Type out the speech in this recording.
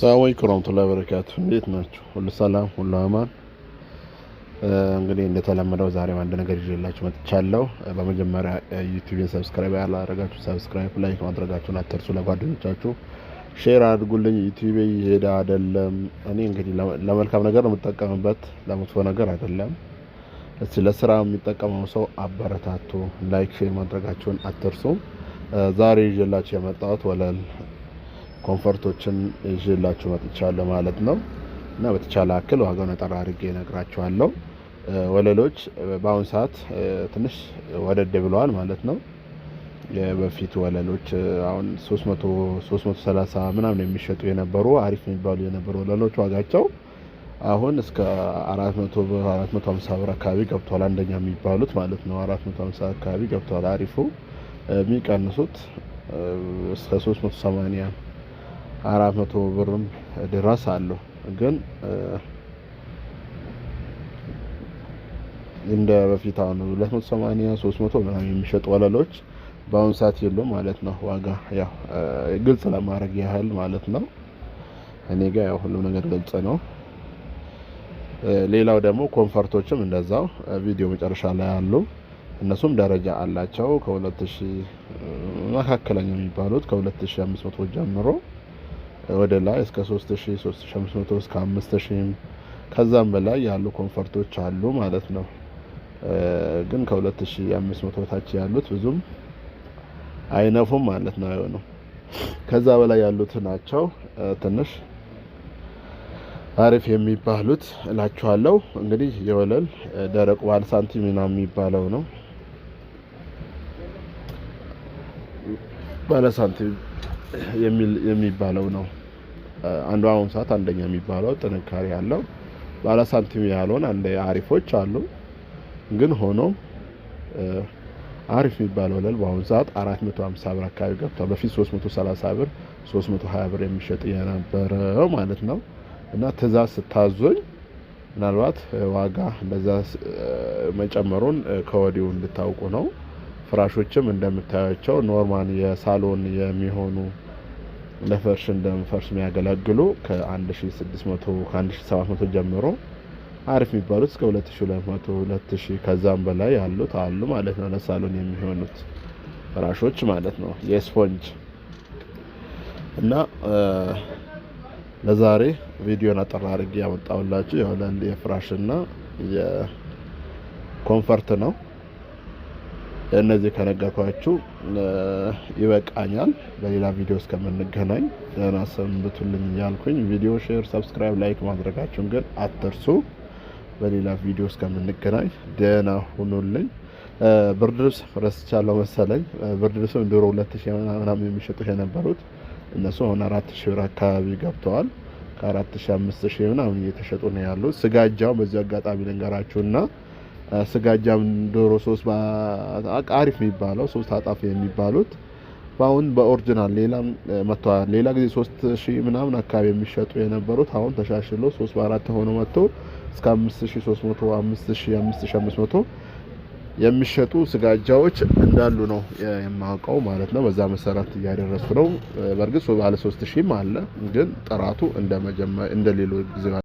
ሰላም አለይኩም ወራህመቱላሂ ወበረካቱ። እንዴት ናችሁ? ሁሉ ሰላም፣ ሁሉ አማን። እንግዲህ እንደተለመደው ዛሬም አንድ ነገር ይዤላችሁ መጥቻለሁ። በመጀመሪያ ዩቲዩብን ሰብስክራይብ ያላደረጋችሁ ሰብስክራይብ፣ ላይክ ማድረጋችሁን አትርሱ። ለጓደኞቻችሁ ሼር አድርጉልኝ። ዩቲዩብ ይሄዳ አይደለም። እኔ እንግዲህ ለመልካም ነገር ነው የምጠቀምበት፣ ለመጥፎ ነገር አይደለም። እስቲ ለስራ የሚጠቀመው ሰው አበረታቱ። ላይክ ሼር ማድረጋችሁን አትርሱ። ዛሬ ይዤላችሁ የመጣሁት ወለል ኮንፈርቶችን ይዤላችሁ መጥቻለሁ ማለት ነው እና በተቻለ አክል ዋጋውን አጠር አድርጌ ነግራችኋለሁ። ወለሎች በአሁኑ ሰዓት ትንሽ ወደድ ብለዋል ማለት ነው። በፊት ወለሎች አሁን 330 ምናምን የሚሸጡ የነበሩ አሪፍ የሚባሉ የነበሩ ወለሎች ዋጋቸው አሁን እስከ 400 450 ብር አካባቢ ገብተዋል። አንደኛ የሚባሉት ማለት ነው 450 አካባቢ ገብተዋል። አሪፉ የሚቀንሱት እስከ 380 አራት መቶ ብርም ድረስ አለው ግን እንደ በፊት አሁን 280 መቶ ምናምን የሚሸጡ ወለሎች በአሁኑ ሰዓት የሉም ማለት ነው። ዋጋ ያው ግልጽ ለማድረግ ያህል ማለት ነው። እኔ ጋር ያው ሁሉም ነገር ግልጽ ነው። ሌላው ደግሞ ኮንፈርቶችም እንደዛው ቪዲዮ መጨረሻ ላይ አሉ። እነሱም ደረጃ አላቸው ከ2000 መካከለኛ የሚባሉት ከ2500 ጀምሮ ወደ ላይ እስከ 3000፣ 3500 እስከ 5000 ከዛም በላይ ያሉ ኮንፈርቶች አሉ ማለት ነው። ግን ከ2500 ታች ያሉት ብዙም አይነፉም ማለት ነው። አይሆንም። ከዛ በላይ ያሉት ናቸው ትንሽ አሪፍ የሚባሉት እላችኋለሁ። እንግዲህ የወለል ደረቁ ባለ ሳንቲም ምናምን የሚባለው ነው። ባለ ሳንቲም የሚባለው ነው። አንዱ አሁን ሰዓት አንደኛ የሚባለው ጥንካሬ ያለው ባለ ሳንቲም ያለውን አንድ አሪፎች አሉ። ግን ሆኖ አሪፍ የሚባለው ወለል በአሁኑ ሰዓት 450 ብር አካባቢ ገብቷል። በፊት 330 ብር፣ 320 ብር የሚሸጥ የነበረው ማለት ነው። እና ትእዛዝ ስታዞኝ ምናልባት ዋጋ እንደዛ መጨመሩን ከወዲሁ እንድታውቁ ነው። ፍራሾችም እንደምታያቸው ኖርማል የሳሎን የሚሆኑ ለፈርሽ እንደፈርሽ የሚያገለግሉ ከ1600 ከ1700 ጀምሮ አሪፍ የሚባሉት እስከ 2200 2000 ከዛም በላይ ያሉት አሉ ማለት ነው። ለሳሎን የሚሆኑት ፍራሾች ማለት ነው የስፖንጅ እና ለዛሬ ቪዲዮን አጠራ አድርጌ ያመጣሁላችሁ የሆነ የፍራሽና የኮንፈርት ነው። እነዚህ ከነገርኳችሁ ይበቃኛል። በሌላ ቪዲዮ እስከምንገናኝ ደህና ሰንብቱልኝ እያልኩኝ ቪዲዮ ሼር፣ ሰብስክራይብ፣ ላይክ ማድረጋችሁን ግን አትርሱ። በሌላ ቪዲዮ እስከምንገናኝ ደህና ሁኑልኝ። ብርድ ልብስ ረስቻለሁ መሰለኝ። ብርድ ልብስም ድሮ ሁለት ሺ ምናምን የሚሸጡት የነበሩት እነሱ አሁን አራት ሺ ብር አካባቢ ገብተዋል። ከአራት ሺ አምስት ሺ ምናምን እየተሸጡ ነው ያሉት። ስጋጃው በዚሁ አጋጣሚ ልንገራችሁና ስጋጃም ዶሮ ሶስት አሪፍ የሚባለው ሶስት አጣፍ የሚባሉት በአሁን በኦሪጂናል ሌላም መጥተዋል። ሌላ ጊዜ ሶስት ሺ ምናምን አካባቢ የሚሸጡ የነበሩት አሁን ተሻሽሎ ሶስት በአራት ሆኖ መጥቶ እስከ አምስት ሺ ሶስት መቶ አምስት ሺ አምስት ሺ አምስት መቶ የሚሸጡ ስጋጃዎች እንዳሉ ነው የማውቀው ማለት ነው። በዛ መሰረት እያደረሱ ነው። በእርግጥ ባለ ሶስት ሺም አለ፣ ግን ጥራቱ እንደ እንደሌሎ ጊዜ